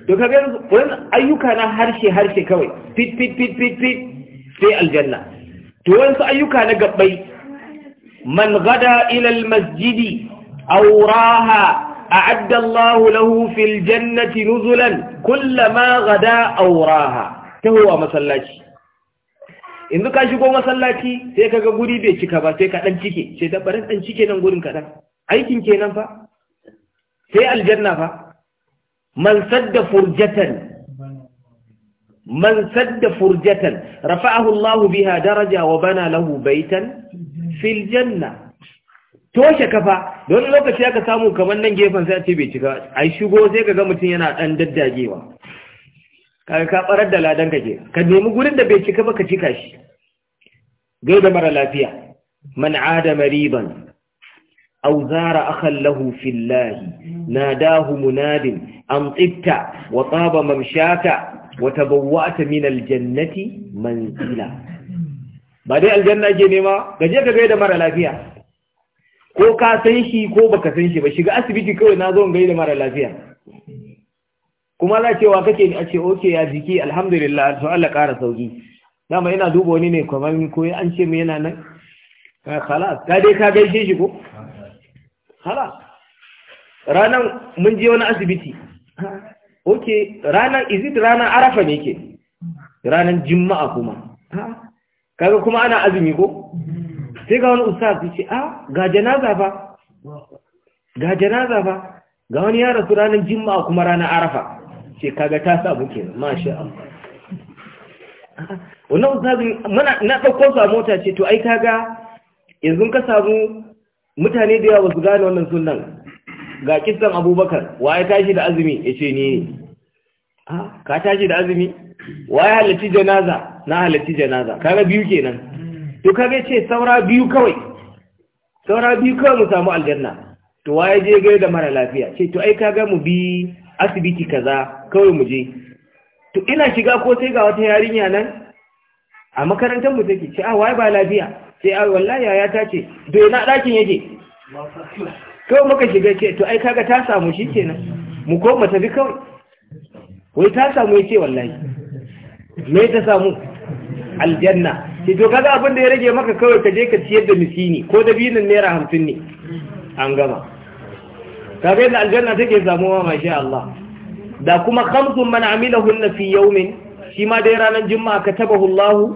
to kaga wannan ayyuka na harshe harshe kawai fit fit fit fit fit sai aljanna to wasu ayyuka na gabbai man gada ila almasjidi aw raha أعد الله له في الجنة نزلا كلما غدا أوراها تهو مسلاتي in ka shigo masallaci sai kaga guri bai cika ba sai ka dan cike sai da barin dan cike nan gurin kadan aikin kenan fa sai aljanna fa man sadda furjatan man sadda furjatan rafa'ahu Allah biha daraja wa bana lahu baitan fil janna toshe kafa don lokaci aka samu kamar nan gefen sai a ce bai cika a shigo sai ka ga mutum yana ɗan daddagewa kaga ka barar da ladan ka ke ka nemi gurin da bai cika ba ka cika shi gai da mara lafiya man ada mariban aw zara akhan lahu fillahi nadahu munadin am tsitta wa taba mamshaka wa tabawwa'ta min aljannati manzila ba dai aljanna ke nema gaje ka gai da mara lafiya ko ka san shi ko baka san shi ba shiga asibiti kawai na zo da mara lafiya kuma za cewa kake ni a ce oke ya jiki alhamdulillah to Allah ƙara sauki dama ina duba wani ne kamar ko an ce me yana nan eh, khalas ka dai ka gaishe shi ko khalas ranan mun je wani asibiti oke ranan izid ranan arafa ne ke ranan juma'a kuma kaga kuma ana azumi ko sai ga wani ustaz ya ce a ah, ga janaza ba ga janaza ba ga wani ya rasu ranar jima'a kuma ranar arafa ce kaga ta sa kenan masha Wani wannan ustazin mana na ɗauko su a mota ce to ai kaga yanzu ka samu mutane da yawa su gane wannan sunan ga kisan abubakar wa ya tashi da azumi ya ce ni ne ah, ka tashi da azumi wa ya halarci janaza na halarci janaza kaga biyu kenan to kage ce saura biyu kawai saura biyu kawai mu samu aljanna to waye je gai da mara lafiya ce to ai kaga mu bi asibiti kaza kawai mu je to ina shiga ko sai ga wata yarinya nan a makarantar mu take ce a ah, waye ba lafiya sai a ah, wallahi yaya ta ce to ina dakin yake kawai muka shiga ce to ai kaga ta samu shi kenan mu ko mu tafi kawai wai ta samu yake wallahi me ta samu aljanna ce to kaga abin da ya rage maka kawai ka je ka ciyar da miskini ko da binin naira hamsin ne an gama kaga yadda aljanna take samuwa masha Allah da kuma khamsun man amilahun fi yawmin shi ma dai ranar juma'a taba Allah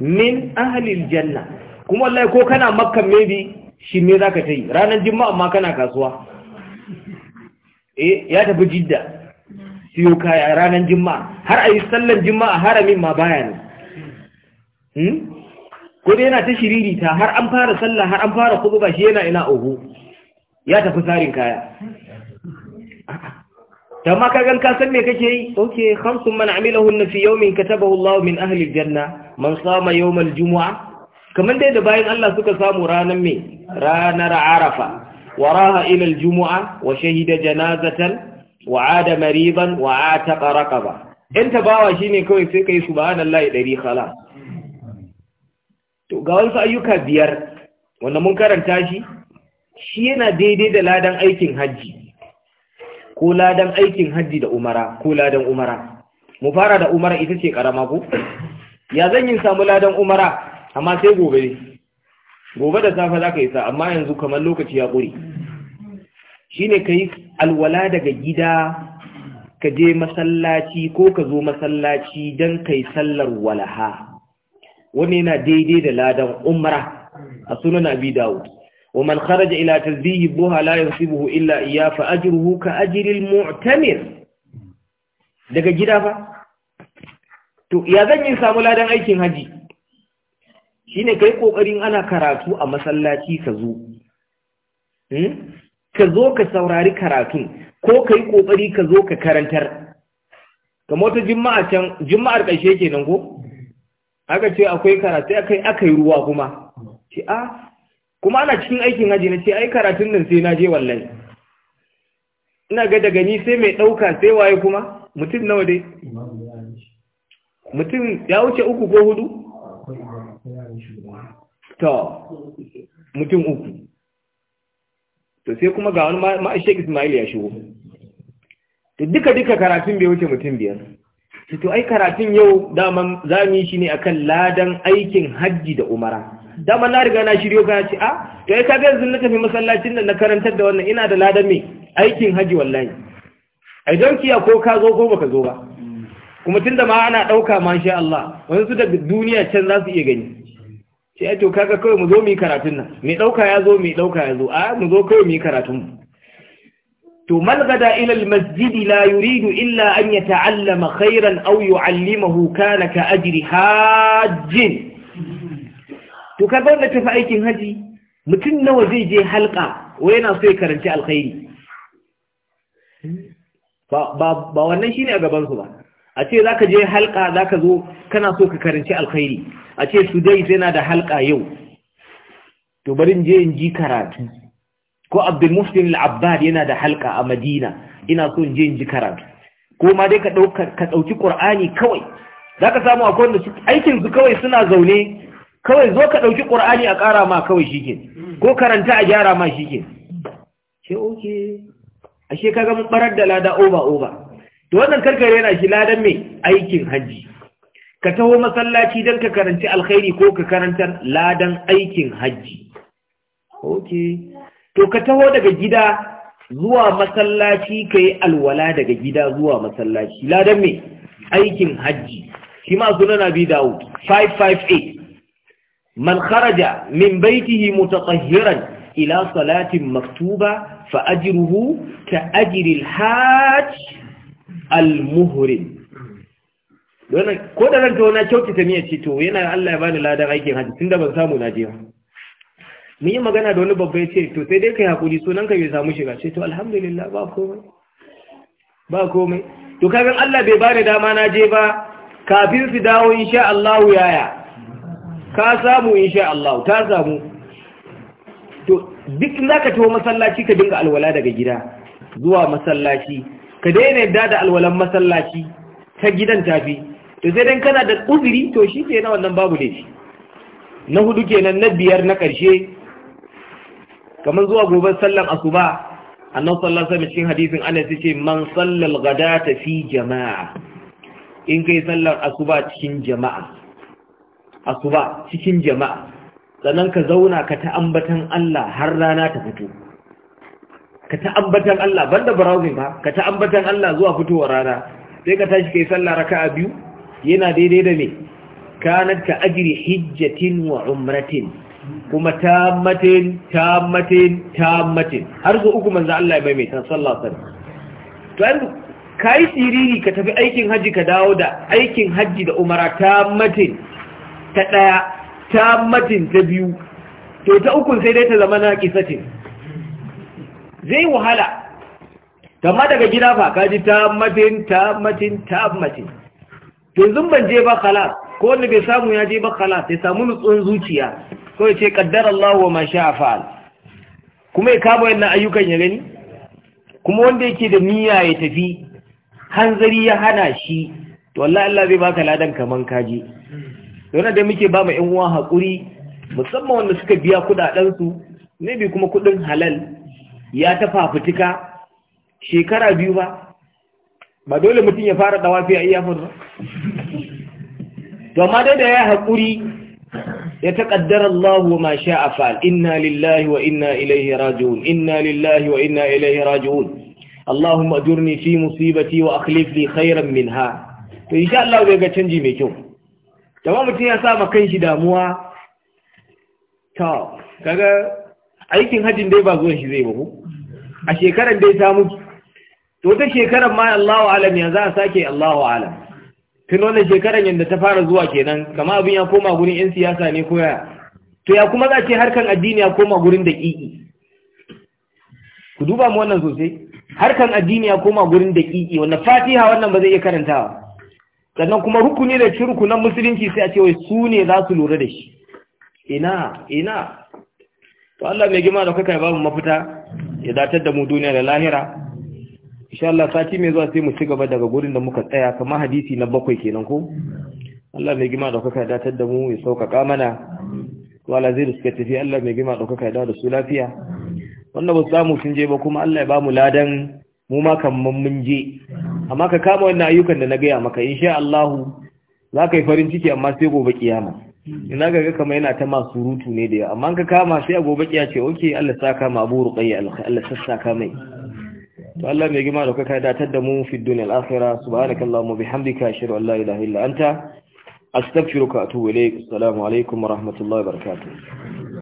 min ahli aljanna kuma wallahi ko kana makka maybe shi me zaka ta yi ranar juma'a ma kana kasuwa eh ya tafi jidda siyo kaya ranar juma'a har ayi sallan juma'a haramin ma baya ne Hmm? ko dai yana ta shiririta har an fara sallah har an fara kuma ba shi yana ina oho ya tafi tsarin kaya tamma ka gan ka san me kake yi okay khamsun man na fi yawmin katabahu Allah min ahli janna. man sama yawm Juma'a. Kamar dai da bayan Allah suka samu ranar mai. ranar arafa waraha ilal Juma'a, wa shahida janazatan wa ada mariban wa ataqa ba? in tabawa shine kawai sai ka kai subhanallahi ɗari khalas to ga wasu ayyuka biyar wanda mun karanta shi shi yana daidai da ladan aikin hajji ko ladan aikin hajji da umara ko ladan umara mu fara da umara ita ce karama ko ya zan yin samu ladan umara amma sai gobe ne gobe da safe za ka yi sa amma yanzu kamar lokaci ya ƙuri shi ne ka yi alwala daga gida ka je masallaci ko ka zo masallaci don ka yi sallar walaha wani yana daidai da ladan umra a sunan abi dawud wa man kharaja ila tazbihi buha la yusibuhu illa iyya fa ajruhu ka ajril mu'tamir daga gida fa to ya zan yi samu ladan aikin haji shine kai kokarin ana karatu a masallaci ka zo hmm? ka zo ka saurari karatun ko kai yi ka zo ka karantar kamar ta jimma'a can jimma'ar ƙarshe kenan ko aka ce akwai karatu akai aka yi ruwa kuma ce a ah. kuma ana cikin aikin haji na ce ai karatun nan sai na je wallahi ina ga daga ni sai mai ɗauka sai waye kuma mutum nawa dai mutum ya wuce uku ko hudu to mutum uku to sai kuma ga wani ma'ashek ismail ya shigo to duka duka karatun bai wuce mutum biyar to ai karatun yau daman zamu shi ne akan ladan aikin hajji da umara daman na riga na shiryo kaya ce a ah, to ai kaga yanzu na tafi masallacin da na karantar da wannan ina da ladan me aikin hajji wallahi ai don kiya ko ka zo ko baka zo ba kuma tunda ma ana dauka ma insha Allah su daga duniya can za su iya gani sai to kaga kawai mu zo mu yi karatun nan mai dauka ya zo mai dauka ya zo a ah, mu zo kawai mu yi karatun to malgada ila masjidi la yuridu illa an ya ta'allama khairan aw yu'allimahu kana ka ajri hajjin to ka wanda tafi aikin haji mutum nawa zai je halka wai yana so ya karanci alkhairi ba wannan shi ne a gabansu ba a ce za ka je halka za ka zo kana so ka karanci alkhairi a ce su dai na da halka yau to barin je in ji karatu ko abdul muslim al-abbad yana da halka a madina ina son je in ji karatu ko ma dai ka dauka ka dauki qur'ani kawai zaka samu akwai wanda aikin su kawai suna zaune kawai zo ka dauki qur'ani a ƙara ma kawai shike ko karanta a gyara ma shike ke. oke ashe kaga mun barar da lada oba oba to wannan karkare yana shi ladan me aikin haji ka taho masallaci don ka karanci alkhairi ko ka karantar ladan aikin haji oke to ka taho daga gida zuwa masallaci kai alwala daga gida zuwa masallaci ladan me aikin haji shi ma sunan nabi daud 558 man kharaja min baitihi mutatahhiran ila salatin maktuba fa ajruhu ka ajri al almuhrim ko da ran to na kyautata miya ce to yana Allah ya bani ladan aikin haji tunda ban samu na je ba mun yi magana da wani babba ya ce to sai dai ka hakuri sunan ka bai samu shiga ce to alhamdulillah ba komai ba komai to kafin Allah bai bani dama na je ba kafin su dawo insha Allahu yaya ka samu insha Allahu ta samu to duk zaka tawo masallaci ka dinga alwala daga gida zuwa masallaci ka daina yadda da alwalan masallaci ta gidan tafi to sai dan kana da uzuri to shi ke na wannan babu laifi na hudu kenan na biyar na ƙarshe kamar zuwa gobe sallan asuba annabi sallallahu alaihi wasallam cikin hadisin Anas ce man sallal ghadata fi jama'a in kai sallar asuba cikin jama'a asuba cikin jama'a sannan ka zauna ka ta'ambatan Allah har rana ta fito ka ta'ambatan Allah banda browsing ba ka ta'ambatan Allah zuwa fitowar rana sai ka tashi kai sallah raka'a biyu yana daidai da me kanat ka ajri hijjatin wa umratin kuma tammatin tammatin tammatin har zo uku manzo Allah ya maimaita sallallahu alaihi wasallam to kai siriri ka tafi aikin haji ka dawo da aikin haji da umara tammatin ta daya tammatin ta biyu to ta uku sai dai ta zama na kisatin zai wahala tamma daga gida fa ji tammatin tammatin tammatin to zun ban je ba khalas ko wanda bai samu ya je ba khalas sai samu nutsun zuciya ko ya ce kaddar Allah wa ma sha'a fa'al kuma ya kaba yana ayyukan ya gani kuma wanda yake da niyya ya tafi hanzari ya hana shi to wallahi Allah zai baka ladan kamar kaji. yana da muke ba mu ƴan uwa hakuri musamman wanda suka biya kudaden su ne bi kuma kudin halal ya ta fafutuka shekara biyu ba ba dole mutum ya fara dawafi a iyafin ba to amma dai da ya yi hakuri ya taƙaddara Allah ma sha a fa’al, ina lillahi wa ina ilaihi raju’un, ina lillahi wa ina raju’un, Allahun majur fi musibati wa akhlifi khairan min ha, to yi sha Allah ga canji mai kyau. Tama mutum ya sama kanshi damuwa, ta, kaga aikin hajjin dai ba zuwa shi zai bahu, a shekarar dai samu, to ta shekarar ma Allah wa alam ya za a sake Allah wa alam. tun wannan shekaran yadda ta fara zuwa kenan kama abin ya koma gurin 'yan siyasa ne ko yaya to ya kuma za ce harkan addini ya koma gurin ƙi'i ku duba mu wannan sosai harkan addini ya koma gurin ƙi'i wannan fatiha wannan ba zai iya karantawa sannan kuma rukuni da shirku rukunan musulunci sai a ce wai su ne za su lura da shi ina ina to Allah mai gima da kuka ba mu mafita ya datar da mu duniya da lahira insha Allah sati mai zuwa sai mu ci gaba daga gurin da muka tsaya kamar hadisi na bakwai kenan ko Allah mai gima daukaka datar da mu ya sauƙaƙa mana wala zai suka tafi Allah mai gima daukaka da da su lafiya Wannan ba samu sun je ba kuma Allah ya ba mu ladan mu ma kamar mun je amma ka kama wannan ayyukan da na gaya maka insha Allah za ka yi farin ciki amma sai gobe kiyama ina ga kama yana ta masu rutu ne da yawa amma ka kama sai gobe kiyace oke Allah saka ma abu Ruqayyah Allah sassaka mai to Allah mai gima da kuka datar da mu fi duniyar akhira subhanakallahumma bihamdika ashhadu an la ilaha illa anta astaghfiruka wa atubu ilaik assalamu alaikum wa rahmatullahi wa barakatuh